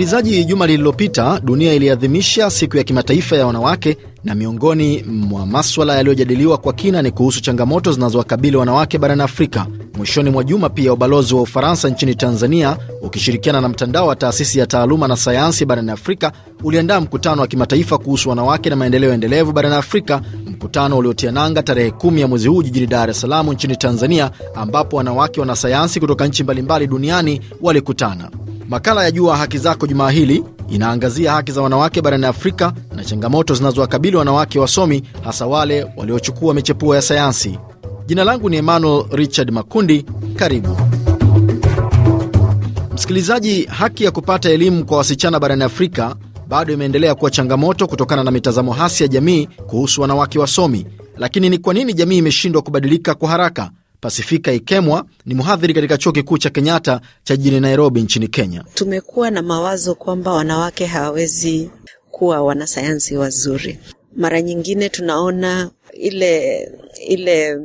Msikilizaji, juma lililopita dunia iliadhimisha siku ya kimataifa ya wanawake, na miongoni mwa maswala yaliyojadiliwa kwa kina ni kuhusu changamoto zinazowakabili wanawake barani Afrika. Mwishoni mwa juma pia, ubalozi wa Ufaransa nchini Tanzania ukishirikiana na mtandao wa taasisi ya taaluma na sayansi barani Afrika uliandaa mkutano wa kimataifa kuhusu wanawake na maendeleo endelevu barani Afrika, mkutano uliotia nanga tarehe kumi ya mwezi huu jijini Dar es Salaam nchini Tanzania, ambapo wanawake wanasayansi kutoka nchi mbalimbali duniani walikutana. Makala ya Jua Haki Zako jumaa hili inaangazia haki za wanawake barani Afrika na changamoto zinazowakabili wanawake wasomi, hasa wale waliochukua michepuo ya sayansi. Jina langu ni Emmanuel Richard Makundi. Karibu msikilizaji. Haki ya kupata elimu kwa wasichana barani Afrika bado imeendelea kuwa changamoto kutokana na mitazamo hasi ya jamii kuhusu wanawake wasomi. Lakini ni kwa nini jamii imeshindwa kubadilika kwa haraka? Pasifika Ikemwa ni mhadhiri katika chuo kikuu cha Kenyatta cha jijini Nairobi nchini Kenya. Tumekuwa na mawazo kwamba wanawake hawawezi kuwa wanasayansi wazuri. Mara nyingine tunaona ile ile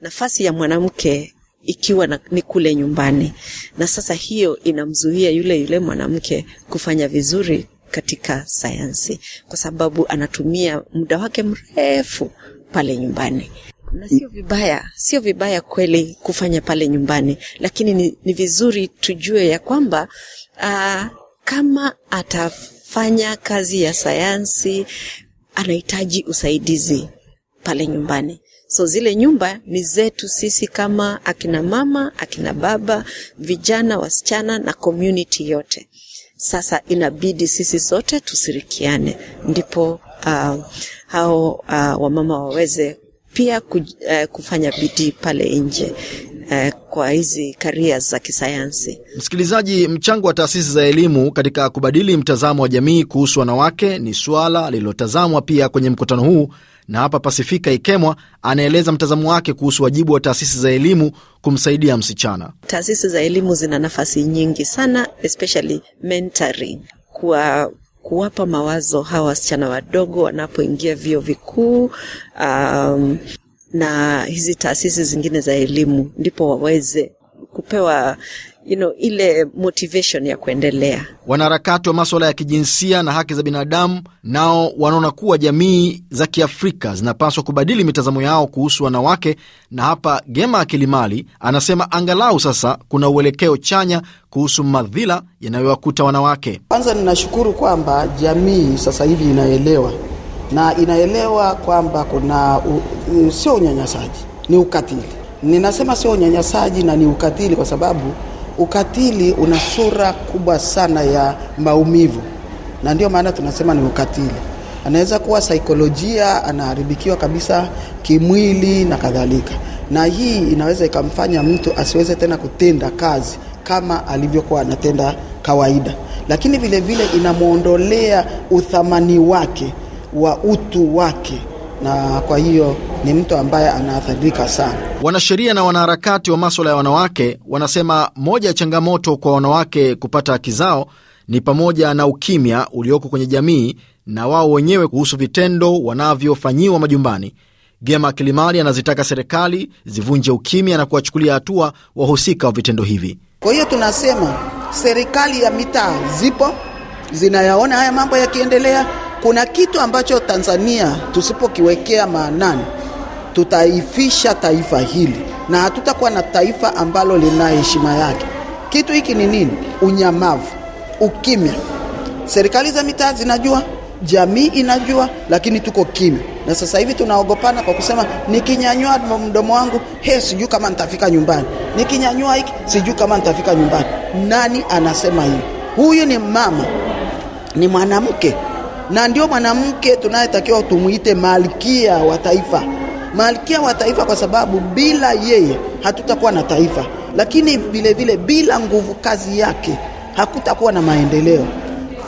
nafasi ya mwanamke ikiwa na, ni kule nyumbani, na sasa hiyo inamzuia yule yule mwanamke kufanya vizuri katika sayansi, kwa sababu anatumia muda wake mrefu pale nyumbani na sio vibaya, sio vibaya kweli kufanya pale nyumbani, lakini ni, ni vizuri tujue ya kwamba uh, kama atafanya kazi ya sayansi anahitaji usaidizi pale nyumbani. So zile nyumba ni zetu sisi kama akina mama, akina baba, vijana, wasichana na community yote. Sasa inabidi sisi sote tushirikiane, ndipo uh, hao uh, wamama waweze pia eh, kufanya bidii pale nje eh, kwa hizi karia za kisayansi. Msikilizaji, mchango wa taasisi za elimu katika kubadili mtazamo wa jamii kuhusu wanawake ni suala lililotazamwa pia kwenye mkutano huu, na hapa Pasifika Ikemwa anaeleza mtazamo wake kuhusu wajibu wa taasisi za elimu kumsaidia msichana. Taasisi za elimu zina nafasi nyingi sana, especially mentoring kwa kuwapa mawazo hawa wasichana wadogo wanapoingia vyuo vikuu um, na hizi taasisi zingine za elimu ndipo waweze kupewa you know, ile motivation ya kuendelea. Wanaharakati wa maswala ya kijinsia na haki za binadamu nao wanaona kuwa jamii za Kiafrika zinapaswa kubadili mitazamo yao kuhusu wanawake, na hapa Gema Akilimali anasema angalau sasa kuna uelekeo chanya kuhusu madhila yanayowakuta wanawake. Kwanza ninashukuru kwamba jamii sasa hivi inaelewa na inaelewa kwamba kuna sio unyanyasaji, ni ukatili. Ninasema sio unyanyasaji na ni ukatili kwa sababu Ukatili una sura kubwa sana ya maumivu, na ndio maana tunasema ni ukatili. Anaweza kuwa saikolojia, anaharibikiwa kabisa kimwili na kadhalika, na hii inaweza ikamfanya mtu asiweze tena kutenda kazi kama alivyokuwa anatenda kawaida, lakini vilevile inamwondolea uthamani wake wa utu wake na kwa hiyo ni mtu ambaye anaathirika sana. Wanasheria na wanaharakati wa maswala ya wanawake wanasema moja ya changamoto kwa wanawake kupata haki zao ni pamoja na ukimya ulioko kwenye jamii na wao wenyewe kuhusu vitendo wanavyofanyiwa majumbani. Gema Kilimali anazitaka serikali zivunje ukimya na kuwachukulia hatua wahusika wa vitendo hivi. Kwa hiyo tunasema serikali ya mitaa zipo zinayaona haya mambo yakiendelea kuna kitu ambacho Tanzania tusipokiwekea maanani tutaifisha taifa hili na hatutakuwa na taifa ambalo lina heshima yake. Kitu hiki ni nini? Unyamavu, ukimya. Serikali za mitaa zinajua, jamii inajua, lakini tuko kimya. Na sasa hivi tunaogopana kwa kusema, nikinyanyua mdomo wangu he, sijui kama nitafika nyumbani, nikinyanyua hiki sijui kama nitafika nyumbani. Nani anasema hivi? Huyu ni mama, ni mwanamke na ndio mwanamke tunayetakiwa tumuite malkia wa taifa, malkia wa taifa, kwa sababu bila yeye hatutakuwa na taifa, lakini vile vile bila nguvu kazi yake hakutakuwa na maendeleo.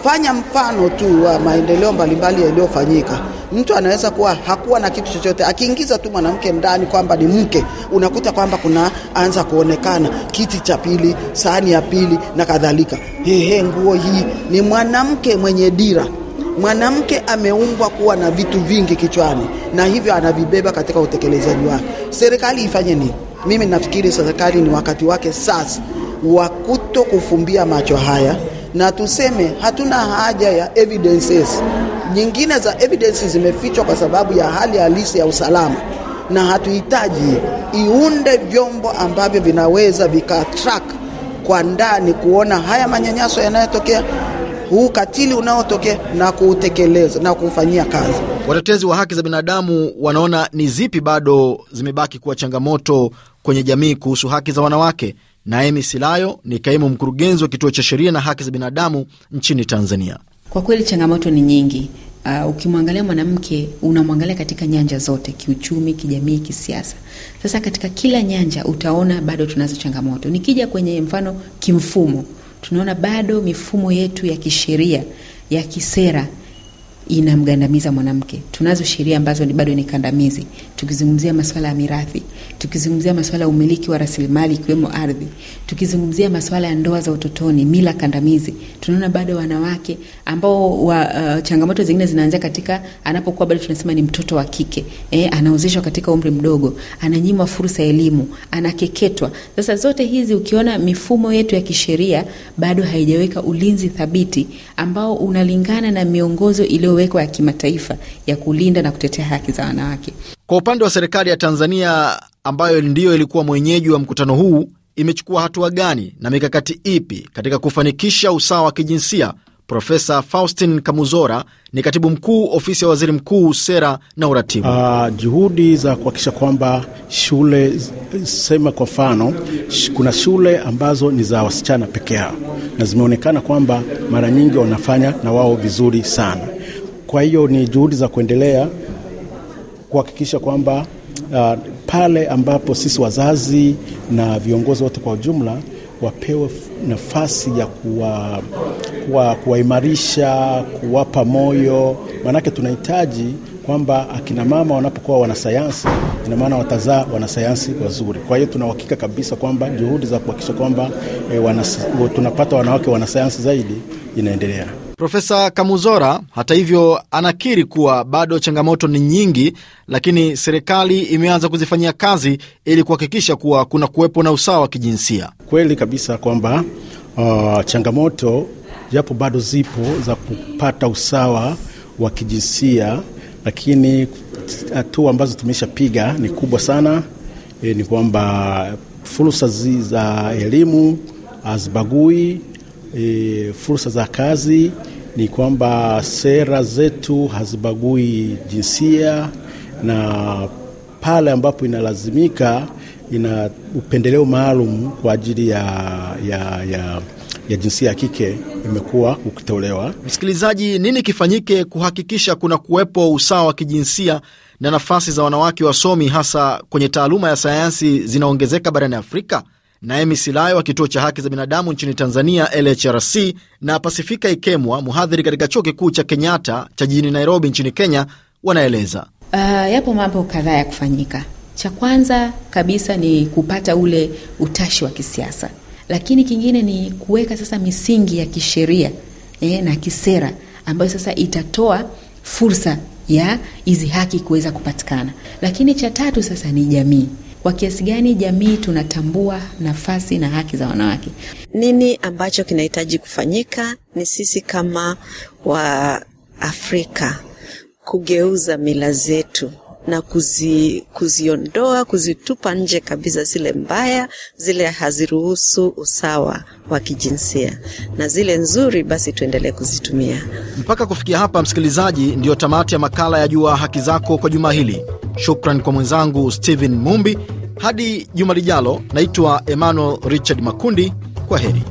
Fanya mfano tu wa maendeleo mbalimbali yaliyofanyika. Mtu anaweza kuwa hakuwa na kitu chochote, akiingiza tu mwanamke ndani kwamba ni mke, unakuta kwamba kuna anza kuonekana kiti cha pili, sahani ya pili na kadhalika. Hehe, nguo hii ni mwanamke mwenye dira. Mwanamke ameumbwa kuwa na vitu vingi kichwani, na hivyo anavibeba katika utekelezaji wake. Serikali ifanye nini? Mimi nafikiri serikali ni wakati wake sasa wa kuto kufumbia macho haya, na tuseme hatuna haja ya evidences nyingine. Za evidences zimefichwa kwa sababu ya hali halisi ya usalama, na hatuhitaji. Iunde vyombo ambavyo vinaweza vikatrack kwa ndani kuona haya manyanyaso yanayotokea huu katili unaotokea na kuutekeleza na kuufanyia kazi. Watetezi wa haki za binadamu wanaona ni zipi bado zimebaki kuwa changamoto kwenye jamii kuhusu haki za wanawake. Naemi Silayo ni kaimu mkurugenzi wa kituo cha sheria na haki za binadamu nchini Tanzania. Kwa kweli changamoto ni nyingi. Uh, ukimwangalia mwanamke unamwangalia katika nyanja zote, kiuchumi, kijamii, kisiasa. Sasa katika kila nyanja utaona bado tunazo changamoto. Nikija kwenye mfano kimfumo tunaona bado mifumo yetu ya kisheria ya kisera inamgandamiza mwanamke. Tunazo sheria ambazo ni bado ni kandamizi tukizungumzia masuala ya mirathi, tukizungumzia masuala ya umiliki wa rasilimali ikiwemo ardhi, tukizungumzia masuala ya ndoa za utotoni, mila kandamizi, tunaona bado wanawake ambao wa, uh, changamoto zingine zinaanzia katika anapokuwa bado tunasema ni mtoto wa kike eh, anaozeshwa katika umri mdogo, ananyimwa fursa ya elimu, anakeketwa. Sasa zote hizi ukiona mifumo yetu ya kisheria bado haijaweka ulinzi thabiti ambao unalingana na miongozo iliyowekwa ya kimataifa ya kulinda na kutetea haki za wanawake. Kwa upande wa serikali ya Tanzania ambayo ndiyo ilikuwa mwenyeji wa mkutano huu, imechukua hatua gani na mikakati ipi katika kufanikisha usawa wa kijinsia? Profesa Faustin Kamuzora ni katibu mkuu ofisi ya waziri mkuu sera na uratibu. Uh, juhudi za kuhakikisha kwamba shule, sema kwa mfano, kuna shule ambazo ni za wasichana peke yao na zimeonekana kwamba mara nyingi wanafanya na wao vizuri sana. Kwa hiyo ni juhudi za kuendelea kuhakikisha kwamba uh, pale ambapo sisi wazazi na viongozi wote kwa ujumla wapewe nafasi ya kuwaimarisha kuwa, kuwa kuwapa moyo, maanake tunahitaji kwamba akina mama wanapokuwa wanasayansi, ina maana watazaa wanasayansi wazuri. Kwa hiyo tuna uhakika kabisa kwamba juhudi za kuhakikisha kwamba e, tunapata wanawake wanasayansi zaidi inaendelea. Profesa Kamuzora hata hivyo anakiri kuwa bado changamoto ni nyingi, lakini serikali imeanza kuzifanyia kazi ili kuhakikisha kuwa kuna kuwepo na usawa wa kijinsia. Kweli kabisa kwamba uh, changamoto japo bado zipo za kupata usawa wa kijinsia, lakini hatua ambazo tumeshapiga ni kubwa sana. E, ni kwamba fursa za elimu hazibagui e, fursa za kazi ni kwamba sera zetu hazibagui jinsia na pale ambapo inalazimika ina upendeleo maalum kwa ajili ya, ya, ya, ya jinsia ya kike imekuwa ukitolewa. Msikilizaji, nini kifanyike kuhakikisha kuna kuwepo usawa wa kijinsia na nafasi za wanawake wasomi hasa kwenye taaluma ya sayansi zinaongezeka barani Afrika? Naye Misilayo wa kituo cha haki za binadamu nchini Tanzania LHRC na Pasifika Ikemwa, mhadhiri katika chuo kikuu cha Kenyatta cha jijini Nairobi nchini Kenya, wanaeleza. Uh, yapo mambo kadhaa ya kufanyika. Cha kwanza kabisa ni kupata ule utashi wa kisiasa, lakini kingine ni kuweka sasa misingi ya kisheria eh, na kisera ambayo sasa itatoa fursa ya hizi haki kuweza kupatikana. Lakini cha tatu sasa ni jamii kwa kiasi gani jamii tunatambua nafasi na haki za wanawake. Nini ambacho kinahitaji kufanyika ni sisi kama wa Afrika kugeuza mila zetu na kuzi, kuziondoa kuzitupa nje kabisa, zile mbaya, zile haziruhusu usawa wa kijinsia, na zile nzuri basi tuendelee kuzitumia. Mpaka kufikia hapa, msikilizaji, ndiyo tamati ya makala ya Jua Haki Zako kwa juma hili. Shukran kwa mwenzangu Steven Mumbi hadi juma lijalo, naitwa Emmanuel Richard Makundi. Kwa heri.